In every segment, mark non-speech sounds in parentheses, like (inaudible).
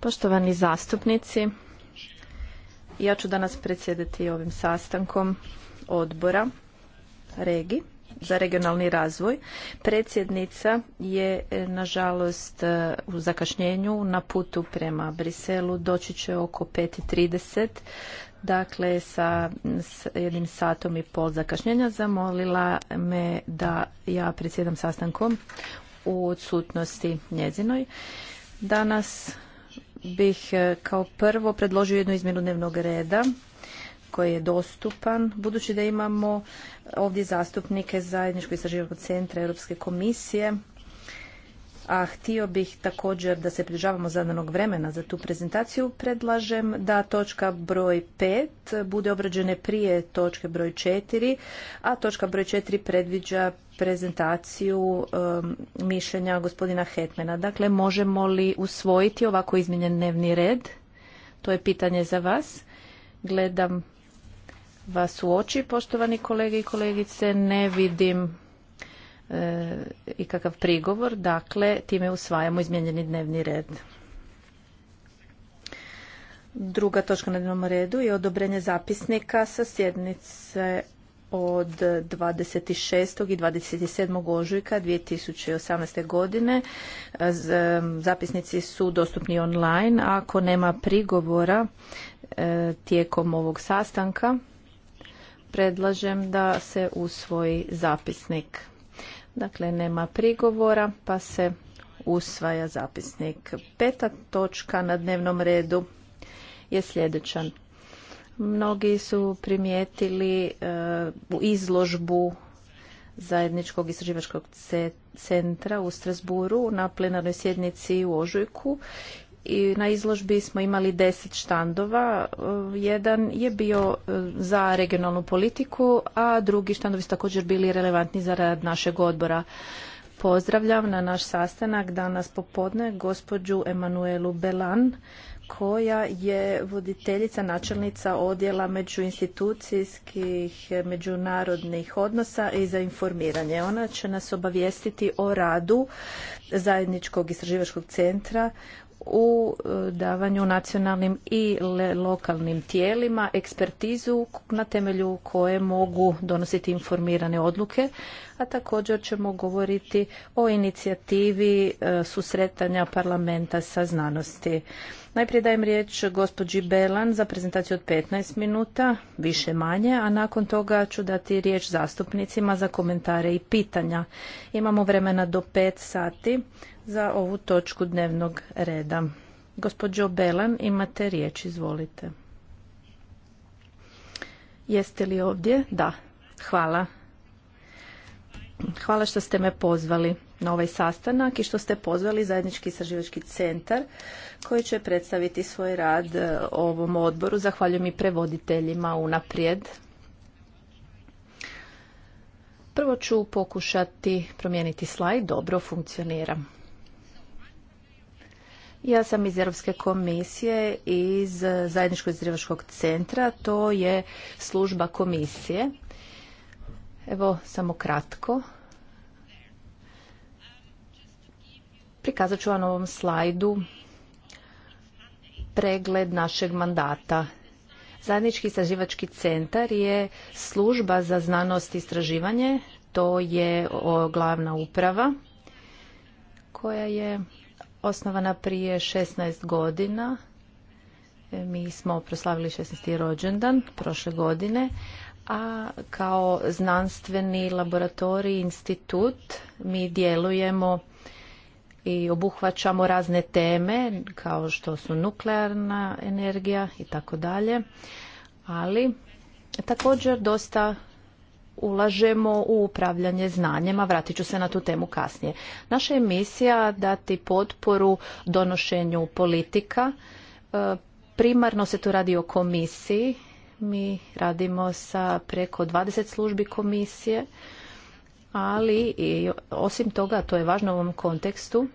Poštovani zastupnici, ja ću danas predsjedati ovim sastankom odbora Regi za regionalni razvoj. Predsjednica je e, nažalost e, u zakašnjenju na putu prema Briselu. Doći će oko 5.30 dakle sa jednim satom i pol zakašnjenja zamolila me da ja predsjedam sastankom u odsutnosti njezinoj. Danas bih e, kao prvo predložio jednu izmjenu dnevnog reda koji je dostupan, budući da imamo ovdje zastupnike Zajedničkog istraživačkog centra Europske komisije a htio bih također da se pridržavamo zadanog vremena za tu prezentaciju, predlažem da točka broj 5 bude obrađene prije točke broj 4, a točka broj 4 predviđa prezentaciju um, mišljenja gospodina Hetmena. Dakle, možemo li usvojiti ovako izmijenjen dnevni red? To je pitanje za vas. Gledam vas u oči, poštovani kolege i kolegice. Ne vidim e, ikakav prigovor, dakle time usvajamo izmijenjeni dnevni red. Druga točka na dnevnom redu je odobrenje zapisnika sa sjednice od 26. i 27. ožujka 2018. godine. Zapisnici su dostupni online. Ako nema prigovora e, tijekom ovog sastanka, predlažem da se usvoji zapisnik. Dakle, nema prigovora pa se usvaja zapisnik. Peta točka na dnevnom redu je sljedeća. Mnogi su primijetili e, u izložbu zajedničkog istraživačkog centra u Strasburu na plenarnoj sjednici u Ožujku i na izložbi smo imali deset štandova. E, jedan je bio e, za regionalnu politiku, a drugi štandovi su također bili relevantni za rad našeg odbora. Pozdravljam na naš sastanak danas popodne gospođu Emanuelu Belan, koja je voditeljica, načelnica odjela međuinstitucijskih međunarodnih odnosa i za informiranje. Ona će nas obavijestiti o radu zajedničkog istraživačkog centra u e, davanju nacionalnim i lokalnim tijelima ekspertizu na temelju koje mogu donositi informirane odluke, a također ćemo govoriti o inicijativi e, susretanja parlamenta sa znanosti. Najprije dajem riječ gospođi Belan za prezentaciju od 15 minuta, više manje, a nakon toga ću dati riječ zastupnicima za komentare i pitanja. Imamo vremena do 5 sati, za ovu točku dnevnog reda. Gospođo Belan, imate riječ, izvolite. Jeste li ovdje? Da, hvala. Hvala što ste me pozvali na ovaj sastanak i što ste pozvali Zajednički istraživački centar koji će predstaviti svoj rad e, ovom odboru. Zahvaljujem i prevoditeljima unaprijed. Prvo ću pokušati promijeniti slajd. Dobro funkcionira. Ja sam iz Europske komisije iz Zajedničkog izdrivačkog centra. To je služba komisije. Evo, samo kratko. Prikazat ću vam ovom slajdu pregled našeg mandata. Zajednički istraživački centar je služba za znanost i istraživanje. To je glavna uprava koja je osnovana prije 16 godina. E, mi smo proslavili 16. rođendan prošle godine, a kao znanstveni laboratorij, institut, mi djelujemo i obuhvaćamo razne teme kao što su nuklearna energija i tako dalje, ali također dosta ulažemo u upravljanje znanjima, vratit ću se na tu temu kasnije. Naša je misija dati potporu donošenju politika. E, primarno se tu radi o komisiji. Mi radimo sa preko 20 službi komisije, ali i osim toga, to je važno u ovom kontekstu,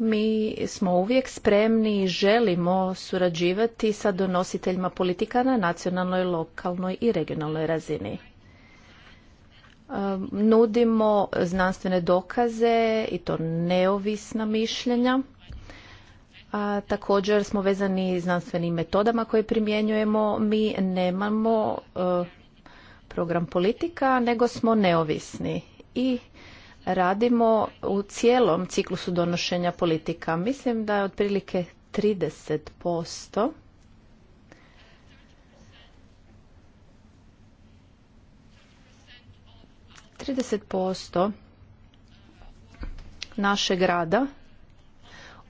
mi smo uvijek spremni i želimo surađivati sa donositeljima politika na nacionalnoj, lokalnoj i regionalnoj razini. Nudimo znanstvene dokaze i to neovisna mišljenja. A također smo vezani znanstvenim metodama koje primjenjujemo. Mi nemamo eh, program politika, nego smo neovisni i radimo u cijelom ciklusu donošenja politika. Mislim da je otprilike 30%. Trideset posto našeg rada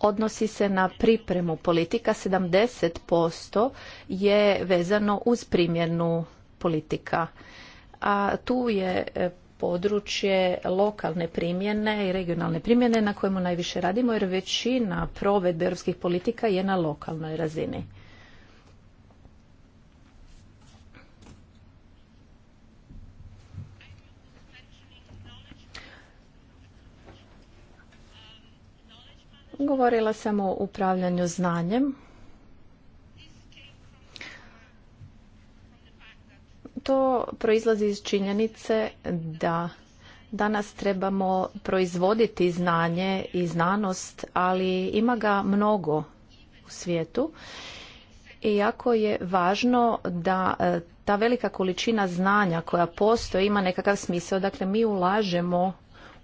odnosi se na pripremu politika, 70% je vezano uz primjenu politika. A tu je područje lokalne primjene i regionalne primjene na kojemu najviše radimo jer većina provedbe europskih politika je na lokalnoj razini. Govorila sam o upravljanju znanjem To proizlazi iz činjenice da danas trebamo proizvoditi znanje i znanost, ali ima ga mnogo u svijetu i jako je važno da e, ta velika količina znanja koja postoji ima nekakav smisao. Dakle, mi ulažemo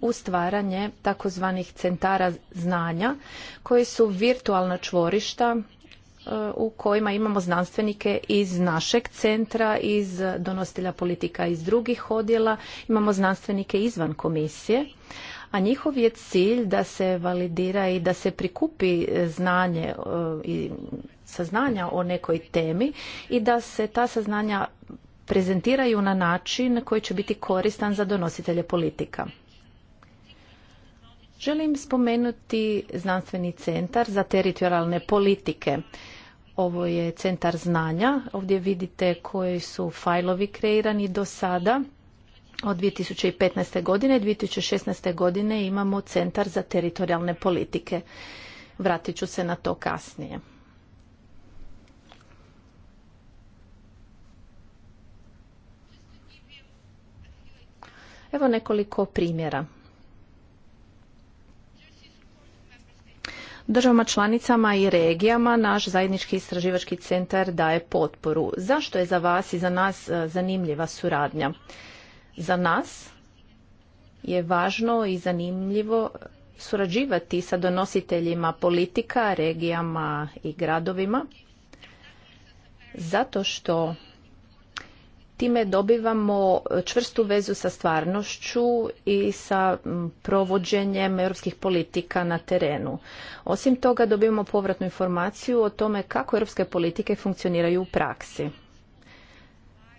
u stvaranje takozvanih centara znanja koji su virtualna čvorišta Eh, u kojima imamo znanstvenike iz našeg centra, iz donositelja politika iz drugih odjela, imamo znanstvenike izvan komisije, a njihov je cilj da se validira i da se prikupi znanje eh, i saznanja o nekoj temi i da se ta saznanja prezentiraju na način koji će biti koristan za donositelje politika. Želim spomenuti znanstveni centar za teritorijalne politike. Ovo je centar znanja. Ovdje vidite koji su fajlovi kreirani do sada. Od 2015. godine i 2016. godine imamo centar za teritorijalne politike. Vratit ću se na to kasnije. Evo nekoliko primjera. državama članicama i regijama naš zajednički istraživački centar daje potporu. Zašto je za vas i za nas e, zanimljiva suradnja? Za nas je važno i zanimljivo surađivati sa donositeljima politika, regijama i gradovima zato što time dobivamo čvrstu vezu sa stvarnošću i sa provođenjem europskih politika na terenu. Osim toga dobivamo povratnu informaciju o tome kako europske politike funkcioniraju u praksi.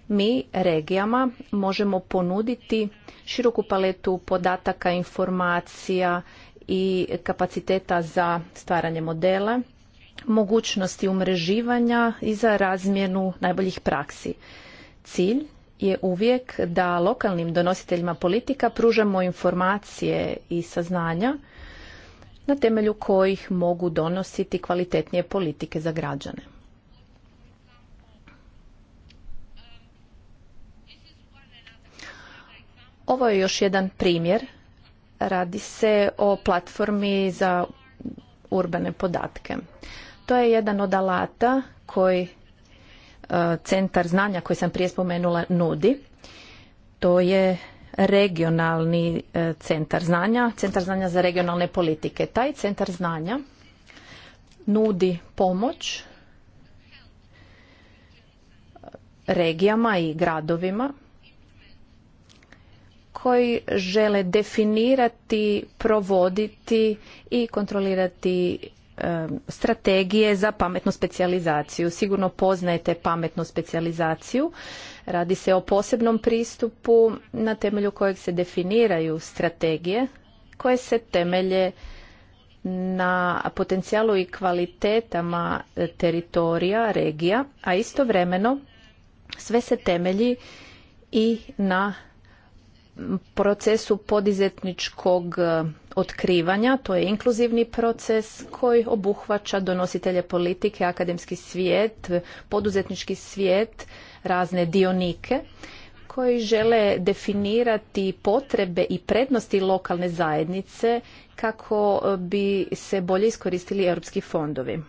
Mi regijama možemo ponuditi široku paletu podataka, informacija i kapaciteta za stvaranje modela, mogućnosti umreživanja i za razmjenu najboljih praksi. Cilj je uvijek da lokalnim donositeljima politika pružamo informacije i saznanja na temelju kojih mogu donositi kvalitetnije politike za građane. Ovo je još jedan primjer. Radi se o platformi za urbane podatke. To je jedan od alata koji centar znanja koji sam prije spomenula nudi. To je regionalni e, centar znanja, centar znanja za regionalne politike. Taj centar znanja nudi pomoć regijama i gradovima koji žele definirati, provoditi i kontrolirati strategije za pametnu specijalizaciju. Sigurno poznajete pametnu specijalizaciju. Radi se o posebnom pristupu na temelju kojeg se definiraju strategije koje se temelje na potencijalu i kvalitetama e, teritorija, regija, a istovremeno sve se temelji i na procesu podizetničkog e, otkrivanja, to je inkluzivni proces koji obuhvaća donositelje politike, akademski svijet, poduzetnički svijet, razne dionike koji žele definirati potrebe i prednosti lokalne zajednice kako e, bi se bolje iskoristili europski fondovi.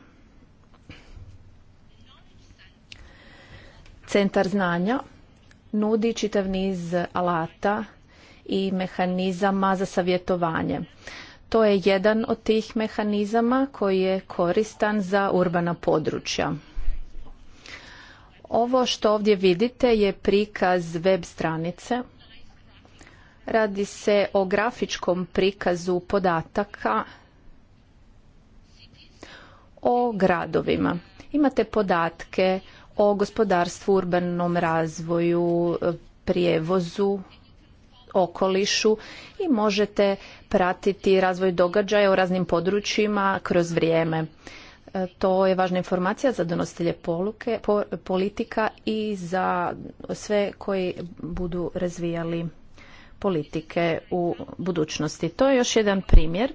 Centar znanja nudi čitav niz alata i mehanizama za savjetovanje. To je jedan od tih mehanizama koji je koristan za urbana područja. Ovo što ovdje vidite je prikaz web stranice. Radi se o grafičkom prikazu podataka o gradovima. Imate podatke o gospodarstvu, urbanom razvoju, prijevozu okolišu i možete pratiti razvoj događaja u raznim područjima kroz vrijeme. E, to je važna informacija za donositelje poluke, politika i za sve koji budu razvijali politike u budućnosti. To je još jedan primjer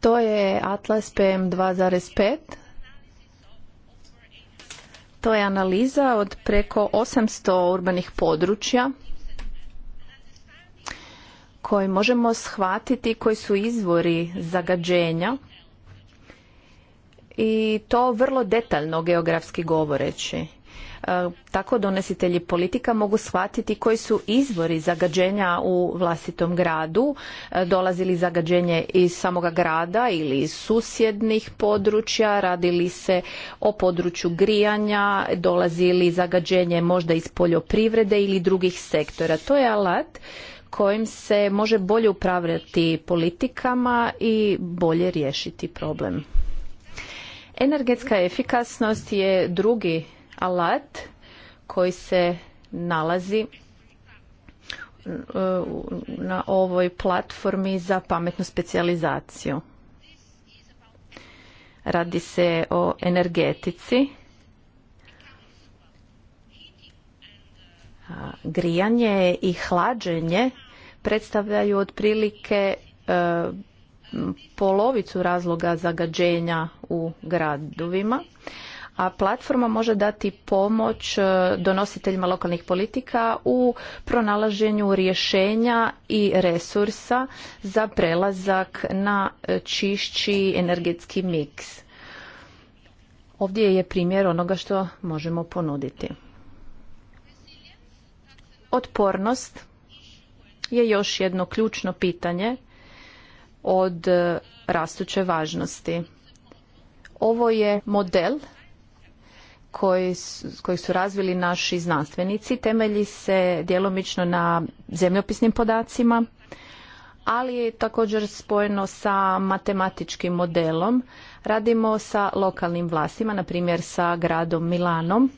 To je Atlas PM 2.5. To je analiza od preko 800 urbanih područja koji možemo shvatiti koji su izvori zagađenja i to vrlo detaljno geografski govoreći. E, tako donesitelji politika mogu shvatiti koji su izvori zagađenja u vlastitom gradu, e, dolazi li zagađenje iz samoga grada ili iz susjednih područja, radi li se o području grijanja, dolazi li zagađenje možda iz poljoprivrede ili drugih sektora. To je alat kojim se može bolje upravljati politikama i bolje riješiti problem. Energetska efikasnost je drugi alat koji se nalazi e, na ovoj platformi za pametnu specijalizaciju. Radi se o energetici, grijanje i hlađenje predstavljaju otprilike e, polovicu razloga zagađenja u gradovima a platforma može dati pomoć e, donositeljima lokalnih politika u pronalaženju rješenja i resursa za prelazak na e, čišći energetski miks. Ovdje je primjer onoga što možemo ponuditi. Otpornost je još jedno ključno pitanje od e, rastuće važnosti. Ovo je model koji su, koji su razvili naši znanstvenici temelji se djelomično na zemljopisnim podacima, ali je također spojeno sa matematičkim modelom. Radimo sa lokalnim vlastima, na primjer sa gradom Milanom,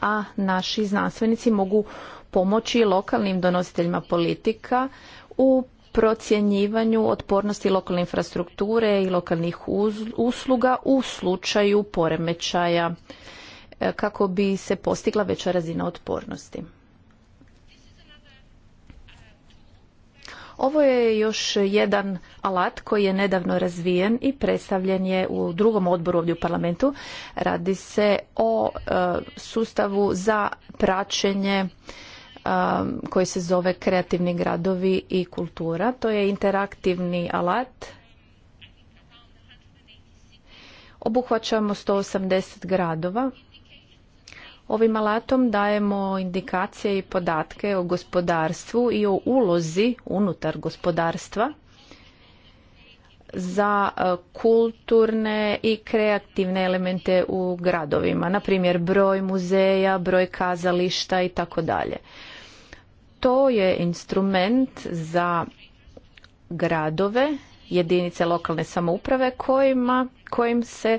a naši znanstvenici mogu pomoći lokalnim donositeljima politika u procjenjivanju otpornosti lokalne infrastrukture i lokalnih usluga u slučaju poremećaja e, kako bi se postigla veća razina otpornosti. Ovo je još jedan alat koji je nedavno razvijen i predstavljen je u drugom odboru ovdje u parlamentu. Radi se o e, sustavu za praćenje koji se zove Kreativni gradovi i kultura. To je interaktivni alat. Obuhvaćamo 180 gradova. Ovim alatom dajemo indikacije i podatke o gospodarstvu i o ulozi unutar gospodarstva za kulturne i kreativne elemente u gradovima, na primjer broj muzeja, broj kazališta i tako dalje to je instrument za gradove, jedinice lokalne samouprave kojima, kojim se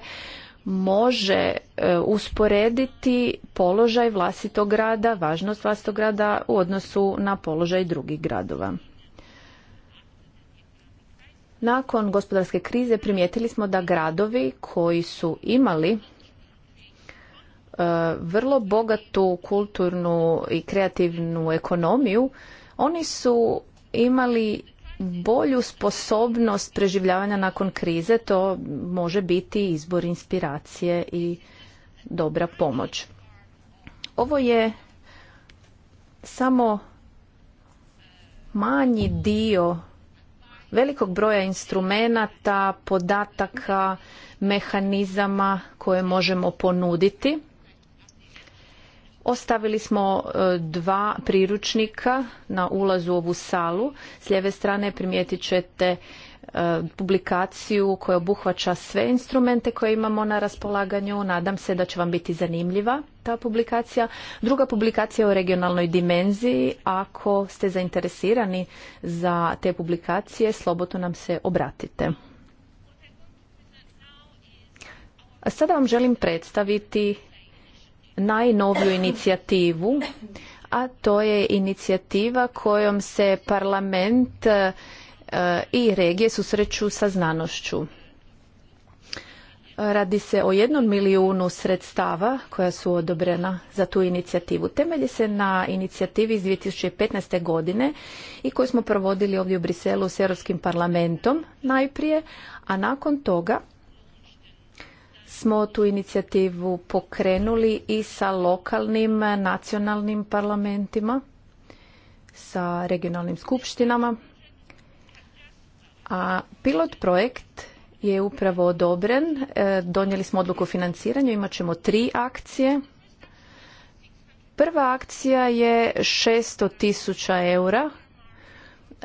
može e, usporediti položaj vlastitog grada, važnost vlastitog grada u odnosu na položaj drugih gradova. Nakon gospodarske krize primijetili smo da gradovi koji su imali E, vrlo bogatu kulturnu i kreativnu ekonomiju, oni su imali bolju sposobnost preživljavanja nakon krize, to može biti izbor inspiracije i dobra pomoć. Ovo je samo manji dio velikog broja instrumenata, podataka, mehanizama koje možemo ponuditi Ostavili smo e, dva priručnika na ulazu u ovu salu. S lijeve strane primijetit ćete e, publikaciju koja obuhvaća sve instrumente koje imamo na raspolaganju. Nadam se da će vam biti zanimljiva ta publikacija. Druga publikacija je o regionalnoj dimenziji. Ako ste zainteresirani za te publikacije, slobodno nam se obratite. sada vam želim predstaviti najnoviju inicijativu, a to je inicijativa kojom se parlament e, i regije susreću sa znanošću. Radi se o jednom milijunu sredstava koja su odobrena za tu inicijativu. Temelji se na inicijativi iz 2015. godine i koju smo provodili ovdje u Briselu s Europskim parlamentom najprije, a nakon toga smo tu inicijativu pokrenuli i sa lokalnim nacionalnim parlamentima, sa regionalnim skupštinama. A pilot projekt je upravo odobren. E, donijeli smo odluku o financiranju, imat ćemo tri akcije. Prva akcija je 600.000 tisuća eura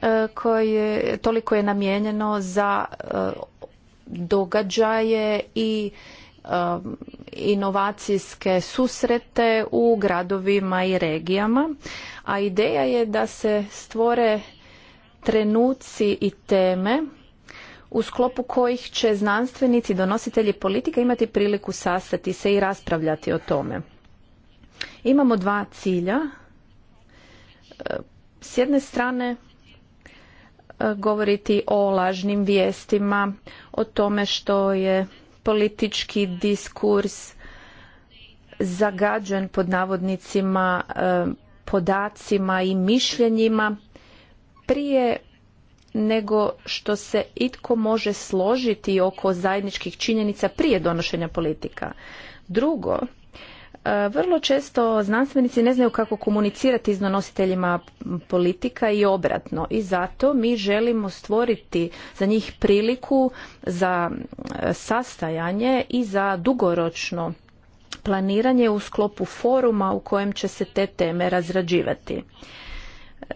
e, koje toliko je namijenjeno za e, događaje i um, inovacijske susrete u gradovima i regijama, a ideja je da se stvore trenuci i teme u sklopu kojih će znanstvenici i donositelji politika imati priliku sastati se i raspravljati o tome. Imamo dva cilja. S jedne strane govoriti o lažnim vijestima, o tome što je politički diskurs zagađen pod navodnicima e, podacima i mišljenjima prije nego što se itko može složiti oko zajedničkih činjenica prije donošenja politika. Drugo, E, vrlo često znanstvenici ne znaju kako komunicirati s donositeljima politika i obratno i zato mi želimo stvoriti za njih priliku za e, sastajanje i za dugoročno planiranje u sklopu foruma u kojem će se te teme razrađivati. E,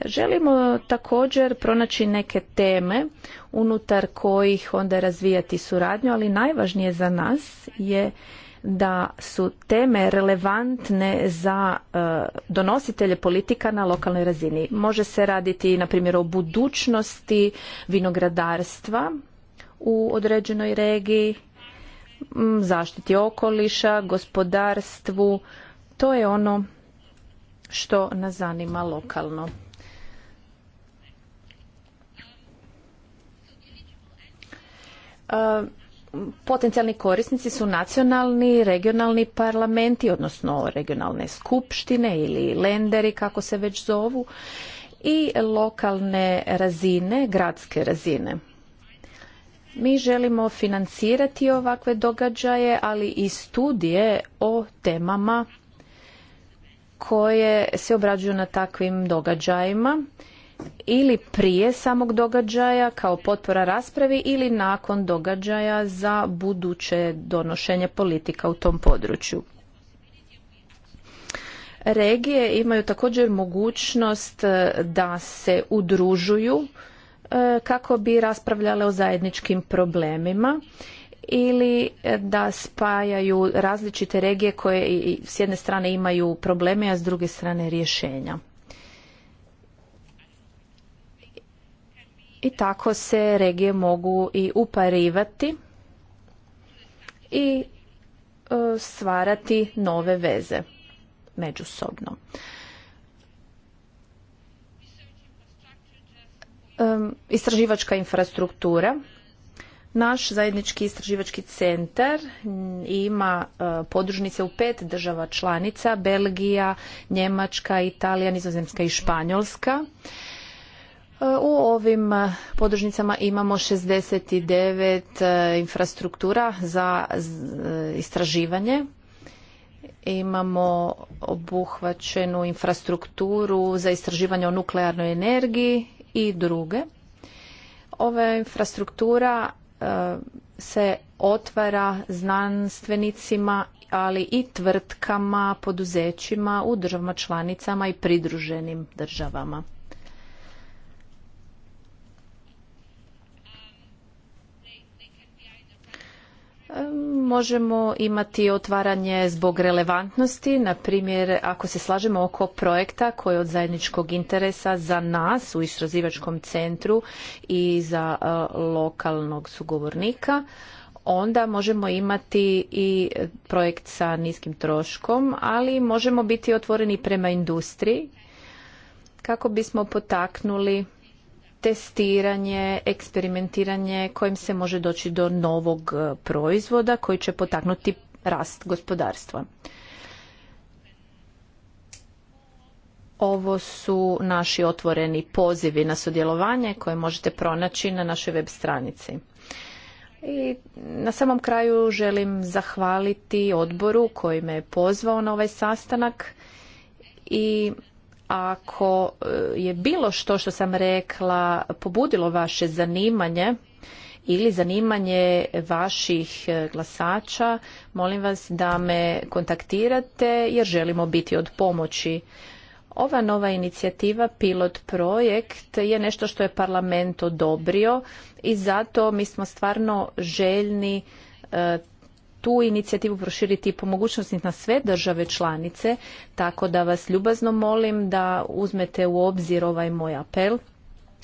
želimo također pronaći neke teme unutar kojih onda razvijati suradnju, ali najvažnije za nas je da su teme relevantne za e, donositelje politika na lokalnoj razini. Može se raditi na primjer o budućnosti vinogradarstva u određenoj regiji, zaštiti okoliša, gospodarstvu. To je ono što nas zanima lokalno. E, potencijalni korisnici su nacionalni, regionalni parlamenti, odnosno regionalne skupštine ili lenderi kako se već zovu i lokalne razine, gradske razine. Mi želimo financirati ovakve događaje, ali i studije o temama koje se obrađuju na takvim događajima ili prije samog događaja kao potpora raspravi ili nakon događaja za buduće donošenje politika u tom području. Regije imaju također mogućnost e, da se udružuju e, kako bi raspravljale o zajedničkim problemima ili e, da spajaju različite regije koje s jedne strane imaju probleme, a s druge strane rješenja. i tako se regije mogu i uparivati i e, stvarati nove veze međusobno. E, istraživačka infrastruktura. Naš zajednički istraživački centar ima e, podružnice u pet država članica, Belgija, Njemačka, Italija, Nizozemska i Španjolska. U ovim e, podružnicama imamo 69 e, infrastruktura za e, istraživanje. Imamo obuhvaćenu infrastrukturu za istraživanje o nuklearnoj energiji i druge. Ova infrastruktura se otvara znanstvenicima, ali i tvrtkama, poduzećima u državama članicama i pridruženim državama. možemo imati otvaranje zbog relevantnosti, na primjer ako se slažemo oko projekta koji je od zajedničkog interesa za nas u istraživačkom centru i za e, lokalnog sugovornika, onda možemo imati i projekt sa niskim troškom, ali možemo biti otvoreni prema industriji kako bismo potaknuli testiranje, eksperimentiranje kojim se može doći do novog e, proizvoda koji će potaknuti rast gospodarstva. Ovo su naši otvoreni pozivi na sudjelovanje koje možete pronaći na našoj web stranici. I na samom kraju želim zahvaliti odboru koji me je pozvao na ovaj sastanak i ako e, je bilo što što sam rekla pobudilo vaše zanimanje ili zanimanje vaših e, glasača, molim vas da me kontaktirate jer želimo biti od pomoći. Ova nova inicijativa, pilot projekt, je nešto što je parlament odobrio i zato mi smo stvarno željni e, tu inicijativu proširiti po mogućnosti na sve države članice, tako da vas ljubazno molim da uzmete u obzir ovaj moj apel.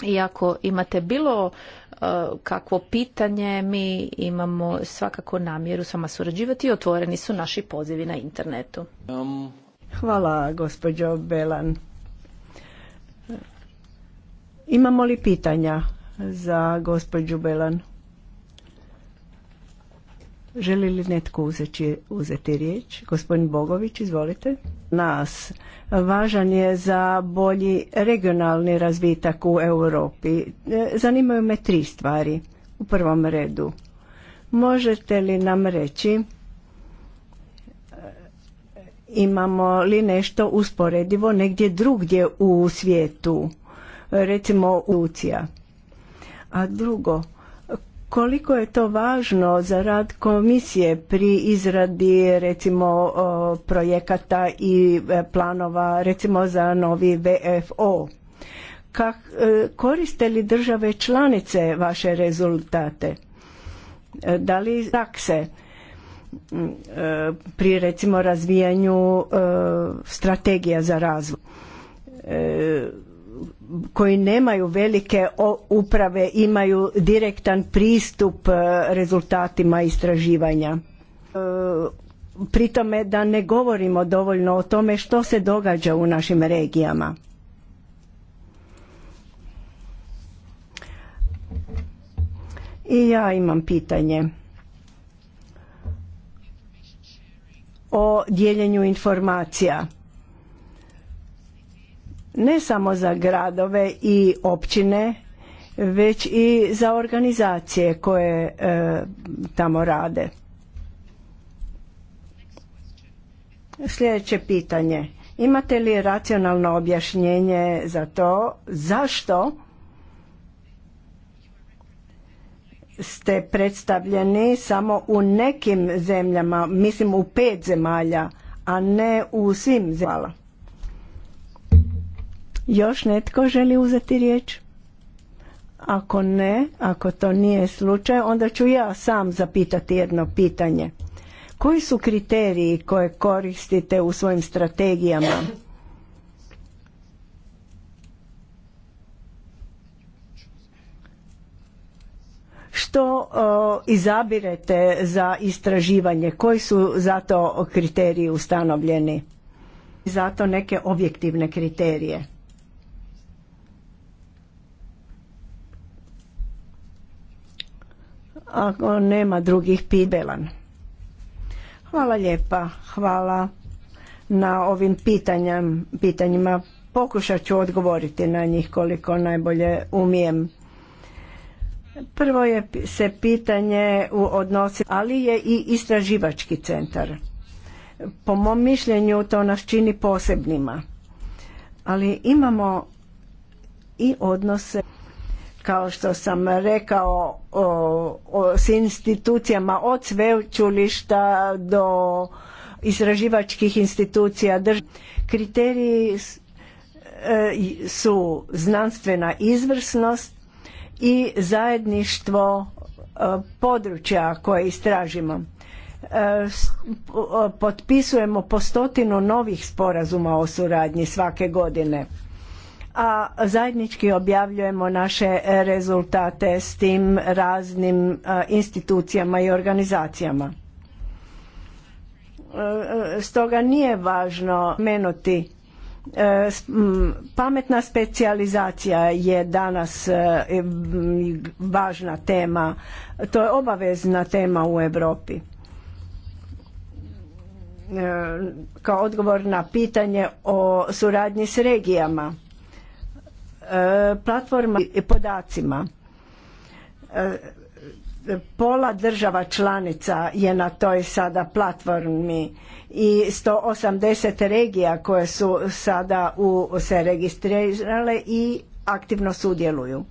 I ako imate bilo e, kakvo pitanje, mi imamo svakako namjeru s vama surađivati i otvoreni su naši pozivi na internetu. Um, Hvala gospođo Belan. Imamo li pitanja za gospođu Belan? Želi li netko uzeti, uzeti riječ? Gospodin Bogović, izvolite. Nas. Važan je za bolji regionalni razvitak u Europi. E, zanimaju me tri stvari u prvom redu. Možete li nam reći e, imamo li nešto usporedivo negdje drugdje u svijetu? Recimo Ucija. A drugo, koliko je to važno za rad komisije pri izradi recimo projekata i e, planova recimo za novi VFO. Kak, e, koriste li države članice vaše rezultate? E, da li takse pri recimo razvijanju strategija za razvoj? koji nemaju velike uprave imaju direktan pristup e, rezultatima istraživanja. E, pri tome da ne govorimo dovoljno o tome što se događa u našim regijama. I ja imam pitanje o dijeljenju informacija ne samo za gradove i općine, već i za organizacije koje e, tamo rade. Sljedeće pitanje. Imate li racionalno objašnjenje za to zašto ste predstavljeni samo u nekim zemljama, mislim u pet zemalja, a ne u svim zemljama? Još netko želi uzeti riječ? Ako ne, ako to nije slučaj, onda ću ja sam zapitati jedno pitanje. Koji su kriteriji koje koristite u svojim strategijama? Što izabirete za istraživanje? Koji su zato kriteriji ustanovljeni? Zato neke objektivne kriterije. Ako nema drugih pibelan. Hvala lijepa, hvala na ovim pitanjem, pitanjima. Pokušat ću odgovoriti na njih koliko najbolje umijem. Prvo je se pitanje u odnosi, ali je i istraživački centar. Po mom mišljenju to nas čini posebnima. Ali imamo i odnose kao što sam rekao s institucijama od sveučilišta do istraživačkih institucija. Kriteriji e, su znanstvena izvrsnost i zajedništvo e, područja koje istražimo. E, potpisujemo po stotinu novih sporazuma o suradnji svake godine a zajednički objavljujemo naše rezultate s tim raznim e, institucijama i organizacijama. E, e, stoga nije važno menuti pametna specijalizacija je danas važna tema to je obavezna tema u Europi kao odgovor na pitanje o suradnji s regijama E, platforma i podacima. E, pola država članica je na toj sada platformi i 180 regija koje su sada u, se registrirale i aktivno sudjeluju.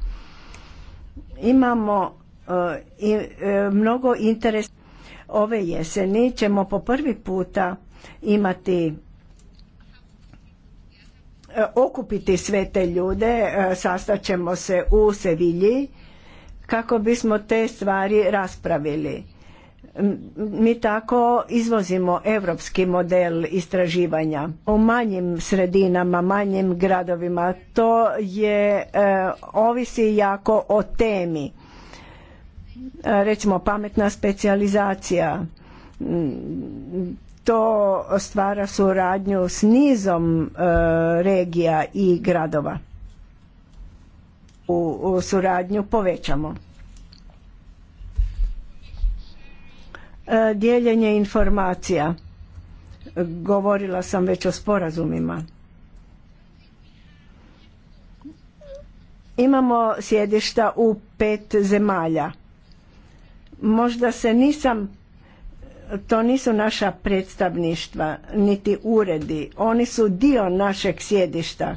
Imamo e, i, mnogo interesa. Ove jeseni ćemo po prvi puta imati okupiti sve te ljude, e, sastaćemo se u Sevilji kako bismo te stvari raspravili. Mi tako izvozimo europski model istraživanja. U manjim sredinama, manjim gradovima to je e, ovisi jako o temi. E, recimo pametna specijalizacija to stvara suradnju s nizom e, regija i gradova. U, suradnju povećamo. E, dijeljenje informacija. Govorila sam već o sporazumima. Imamo sjedišta u pet zemalja. Možda se nisam to nisu naša predstavništva niti uredi oni su dio našeg sjedišta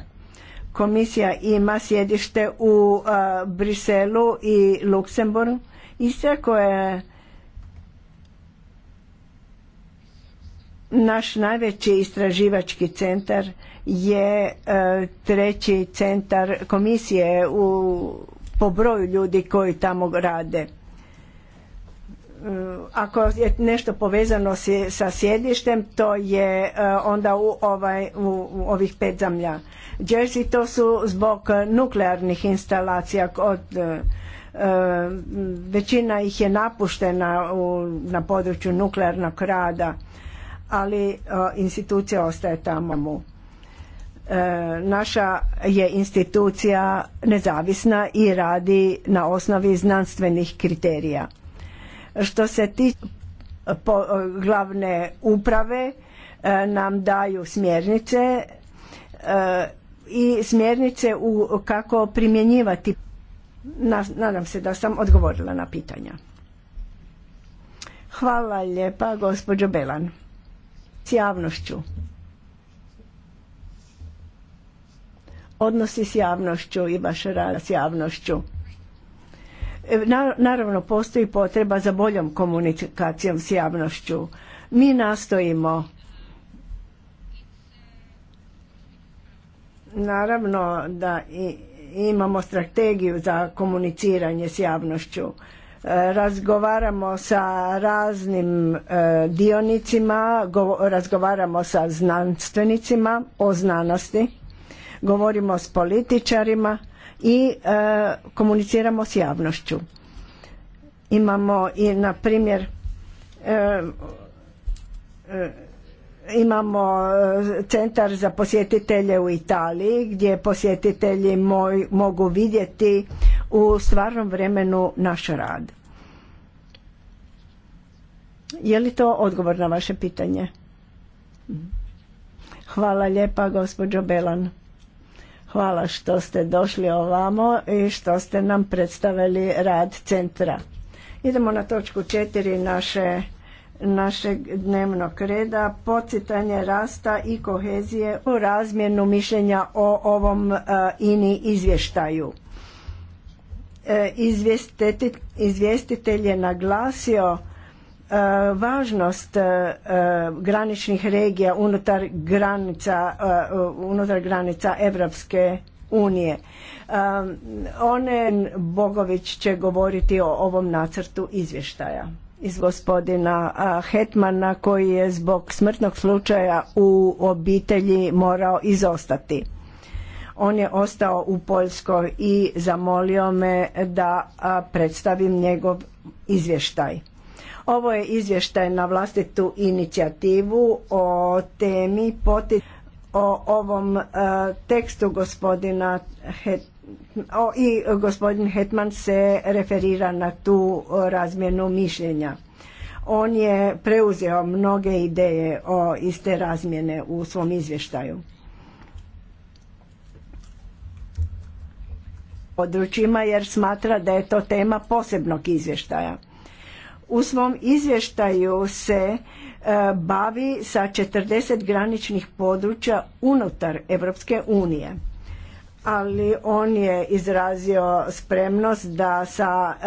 komisija ima sjedište u e, Briselu i Luksemburgu i sve koje naš najveći istraživački centar je e, treći centar komisije u po broju ljudi koji tamo rade E, ako je nešto povezano sa sjedištem, to je e, onda u, ovaj, u ovih pet zemlja. Jersey to su zbog nuklearnih instalacija od e, većina ih je napuštena na području nuklearnog rada, ali institucija ostaje tamo. Naša je institucija nezavisna i radi na osnovi znanstvenih kriterija što se tiče glavne uprave e, nam daju smjernice e, i smjernice u kako primjenjivati. Nadam se da sam odgovorila na pitanja. Hvala lijepa gospođo Belan. S javnošću. Odnosi s javnošću i baš rad s javnošću. Naravno, postoji potreba za boljom komunikacijom s javnošću. Mi nastojimo naravno da imamo strategiju za komuniciranje s javnošću. E, razgovaramo sa raznim e, dionicima, razgovaramo sa znanstvenicima o znanosti, govorimo s političarima i e, komuniciramo s javnošću. Imamo i na primjer e, e, imamo centar za posjetitelje u Italiji gdje posjetitelji mogu vidjeti u stvarnom vremenu naš rad. Je li to odgovor na vaše pitanje? Hvala lijepa gospođo Belan. Hvala što ste došli ovamo i što ste nam predstavili rad centra. Idemo na točku četiri naše, našeg dnevnog reda, pocitanje rasta i kohezije u razmjenu mišljenja o ovom e, INI izvještaju. E, izvjestitelj je naglasio Eh, važnost eh, eh, graničnih regija unutar granica unutar granica Evropske unije. One Bogović će govoriti o ovom nacrtu izvještaja iz gospodina Hetmana koji je zbog smrtnog slučaja u obitelji morao izostati. On je ostao u Poljskoj i zamolio me da predstavim njegov izvještaj. Ovo je izvještaj na vlastitu inicijativu o temi o ovom e, tekstu gospodina i gospodin Hetman se referira na tu razmjenu mišljenja. On je preuzeo mnoge ideje o iste razmjene u svom izvještaju. područjima jer smatra da je to tema posebnog izvještaja u svom izvještaju se e, bavi sa 40 graničnih područja unutar Europske unije. Ali on je izrazio spremnost da, sa, e,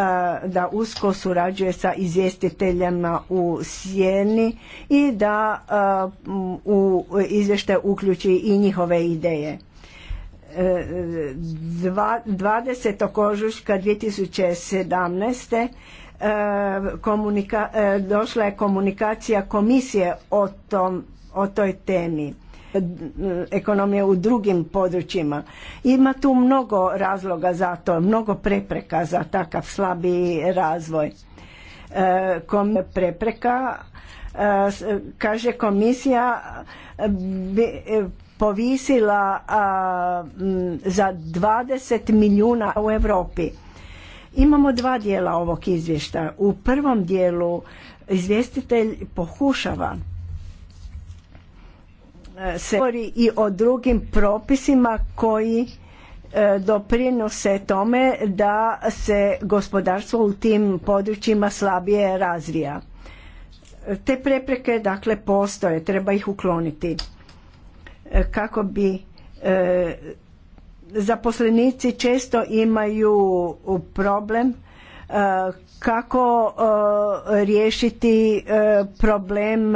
da usko surađuje sa izvjestiteljama u Sjeni i da e, u izvještaj uključi i njihove ideje. 20. ožujka 2017 E, e, došla je komunikacija komisije o, o toj temi e, ekonomije u drugim područjima. Ima tu mnogo razloga za to, mnogo prepreka za takav slabi razvoj. Kom prepreka kaže komisija povisila za 20 milijuna u Europi Imamo dva dijela ovog izvještaja. U prvom dijelu izvjestitelj pokušava e, se govori i o drugim propisima koji e, doprinose tome da se gospodarstvo u tim područjima slabije razvija. Te prepreke dakle postoje, treba ih ukloniti e, kako bi zaposlenici često imaju problem e, kako e, riješiti e, problem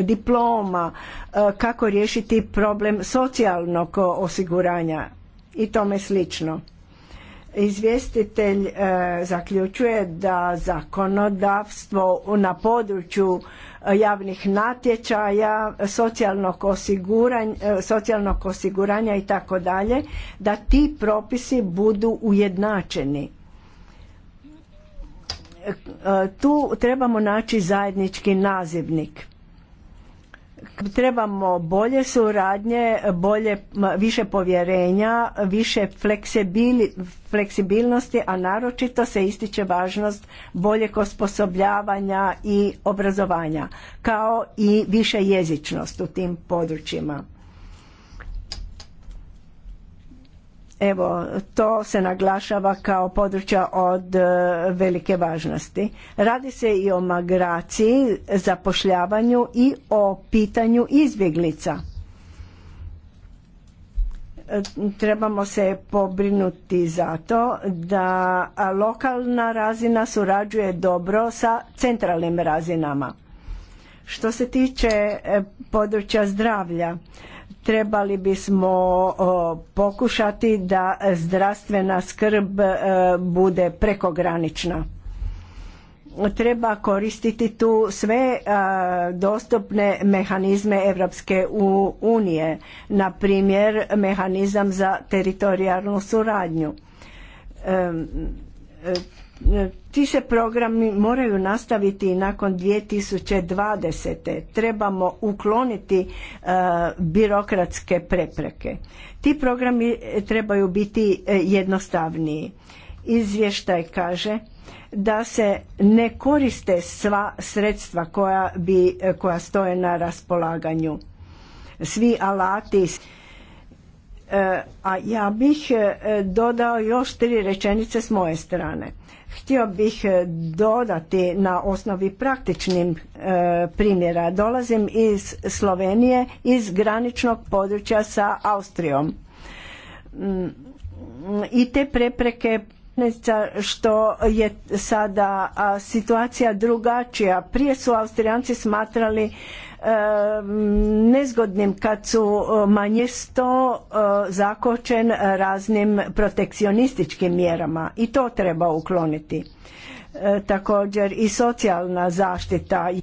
diploma, kako riješiti problem socijalnog osiguranja i tome slično. Izvjestitelj zaključuje da zakonodavstvo na području E, javnih natječaja, socijalnog, e, socijalnog osiguranja i tako dalje, da ti propisi budu ujednačeni. E, tu trebamo naći zajednički nazivnik Trebamo bolje suradnje, bolje, više povjerenja, više fleksibilnosti, a naročito se ističe važnost boljeg osposobljavanja i obrazovanja, kao i više jezičnost u tim područjima Evo, to se naglašava kao područja od e, velike važnosti. Radi se i o migraciji, zapošljavanju i o pitanju izbjeglica. E, trebamo se pobrinuti za to da lokalna razina surađuje dobro sa centralnim razinama. Što se tiče e, područja zdravlja, trebali bismo pokušati da zdravstvena skrb e, bude prekogranična treba koristiti tu sve e, dostupne mehanizme Evropske unije, na primjer mehanizam za teritorijalnu suradnju. E, ti se programi moraju nastaviti i nakon 2020. Trebamo ukloniti e, birokratske prepreke. Ti programi trebaju biti e, jednostavniji. Izvještaj kaže da se ne koriste sva sredstva koja, bi, e, koja stoje na raspolaganju. Svi alati E, a ja bih e, dodao još tri rečenice s moje strane. Htio bih e, dodati na osnovi praktičnim primjera. Dolazim iz Slovenije, iz graničnog područja sa Austrijom. Mm, I te prepreke što je sada situacija drugačija. Prije su Austrijanci smatrali nezgodnim kad su manjesto zakočen raznim protekcionističkim mjerama i to treba ukloniti. E, također i socijalna zaštita. E,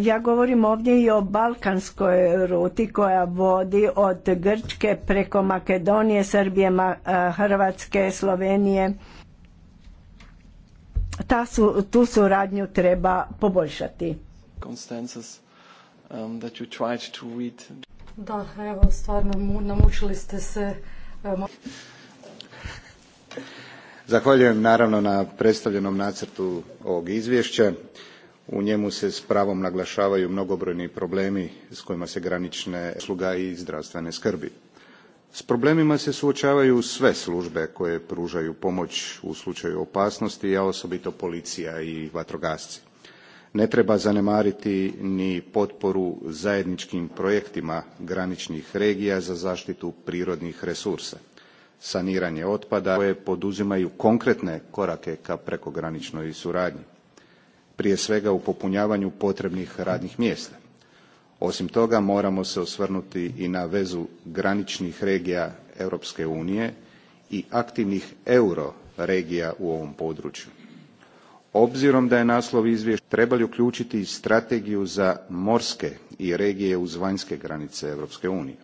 ja govorim ovdje i o balkanskoj ruti koja vodi od Grčke preko Makedonije, Srbije, e, Hrvatske, Slovenije. tu suradnju treba poboljšati. Um, da, evo, stvarno namučili ste se. Um, Zahvaljujem naravno na predstavljenom nacrtu ovog izvješća. U njemu se s pravom naglašavaju mnogobrojni problemi s kojima se granične sluga i zdravstvene skrbi. S problemima se suočavaju sve službe koje pružaju pomoć u slučaju opasnosti, a osobito policija i vatrogasci ne treba zanemariti ni potporu zajedničkim projektima graničnih regija za zaštitu prirodnih resursa saniranje otpada koje poduzimaju konkretne korake ka prekograničnoj suradnji prije svega u popunjavanju potrebnih radnih mjesta osim toga moramo se osvrnuti i na vezu graničnih regija europske unije i aktivnih euroregija u ovom području obzirom da je naslov izvješća trebali uključiti i strategiju za morske i regije uz vanjske granice europske unije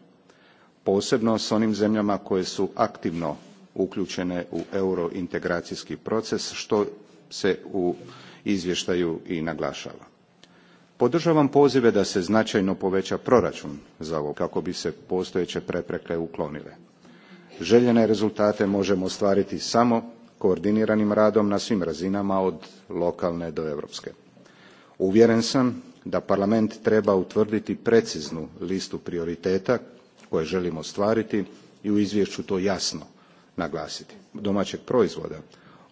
posebno s onim zemljama koje su aktivno uključene u eurointegracijski proces što se u izvještaju i naglašava. podržavam pozive da se značajno poveća proračun za ovo kako bi se postojeće prepreke uklonile. željene rezultate možemo ostvariti samo koordiniranim radom na svim razinama od lokalne do europske. Uvjeren sam da parlament treba utvrditi preciznu listu prioriteta koje želimo ostvariti i u izvješću to jasno naglasiti domaćeg proizvoda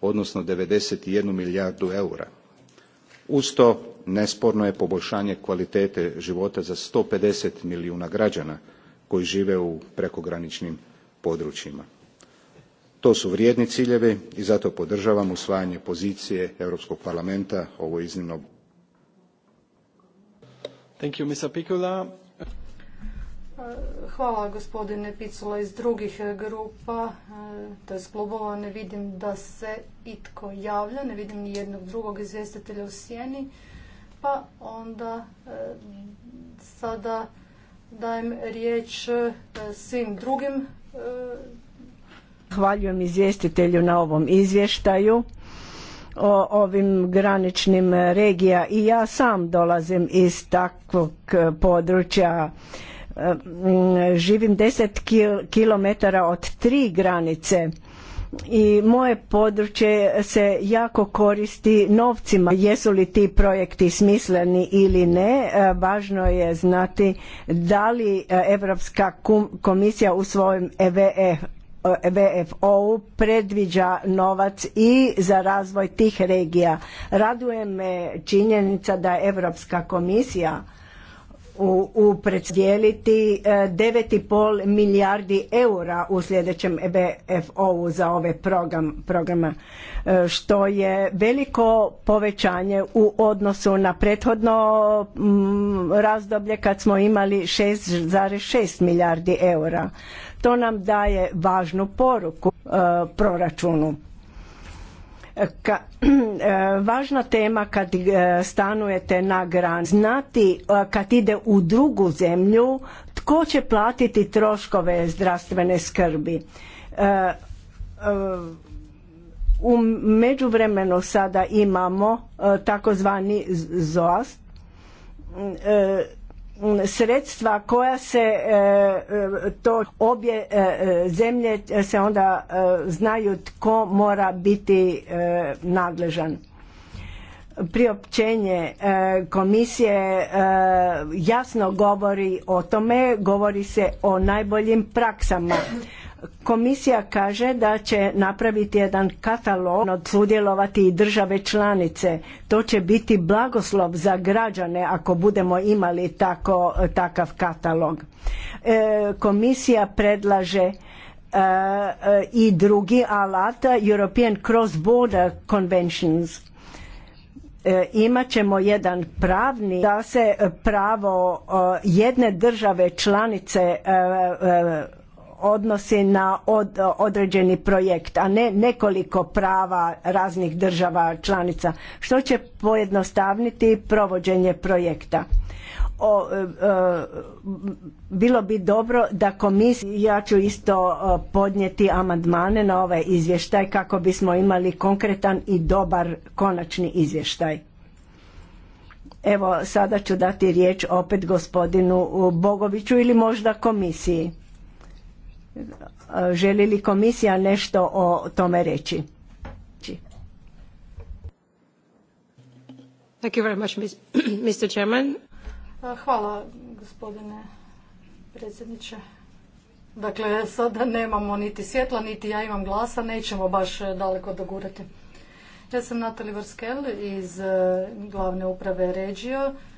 odnosno 91 milijardu eura. Uz to nesporno je poboljšanje kvalitete života za 150 milijuna građana koji žive u prekograničnim područjima to su vrijedni ciljevi i zato podržavam usvajanje pozicije europskog parlamenta ovo iznimno Thank eh, Hvala gospodine Picula iz drugih eh, grupa, eh, to je klubova. Ne vidim da se itko javlja, ne vidim ni jednog drugog izvjestitelja u sjeni. Pa onda sada dajem riječ svim drugim Hvaljujem izvjestitelju na ovom izvještaju o ovim graničnim regija i ja sam dolazim iz takvog područja e, živim deset kilometara od tri granice i moje područje se jako koristi novcima. Jesu li ti projekti smisleni ili ne, e, važno je znati da li Europska komisija u svojem e E, VFO-u predviđa novac i za razvoj tih regija. Raduje me činjenica da je Europska komisija u, u 9,5 e, milijardi eura u sljedećem BFO-u za ove program, programa, e, što je veliko povećanje u odnosu na prethodno mm, razdoblje kad smo imali 6,6 milijardi eura. To nam daje važnu poruku e, proračunu. E, (clears throat) e, važna tema kad stanujete na gran znati kad ide u drugu zemlju tko će platiti troškove zdravstvene skrbi u međuvremenu sada imamo takozvani ZOAS sredstva koja se e, e, to obje e, zemlje se onda znaju tko mora biti nadležan priopćenje komisije jasno govori o tome govori se o najboljim praksama Komisija kaže da će napraviti jedan katalog, od sudjelovati i države članice. To će biti blagoslov za građane ako budemo imali takav katalog. E, komisija predlaže e, e, i drugi alat, European Cross Border Conventions. Imaćemo imat jedan pravni da se pravo jedne države članice odnosi na određeni projekt, a ne nekoliko prava raznih država članica, što će pojednostavniti provođenje projekta. O, e, e, bilo bi dobro da komisija, ja ću isto e, podnijeti amandmane na ovaj izvještaj kako bismo imali konkretan i dobar konačni izvještaj. Evo, sada ću dati riječ opet gospodinu Bogoviću ili možda komisiji. Želi li komisija nešto o tome reći? Thank you very much, Mr. (clears throat) Chairman. Hvala, gospodine predsjedniče. Dakle, sada nemamo niti svjetla, niti ja imam glasa, nećemo baš daleko dogurati. Ja sam Natalie Vrskel iz e, glavne uprave Regio.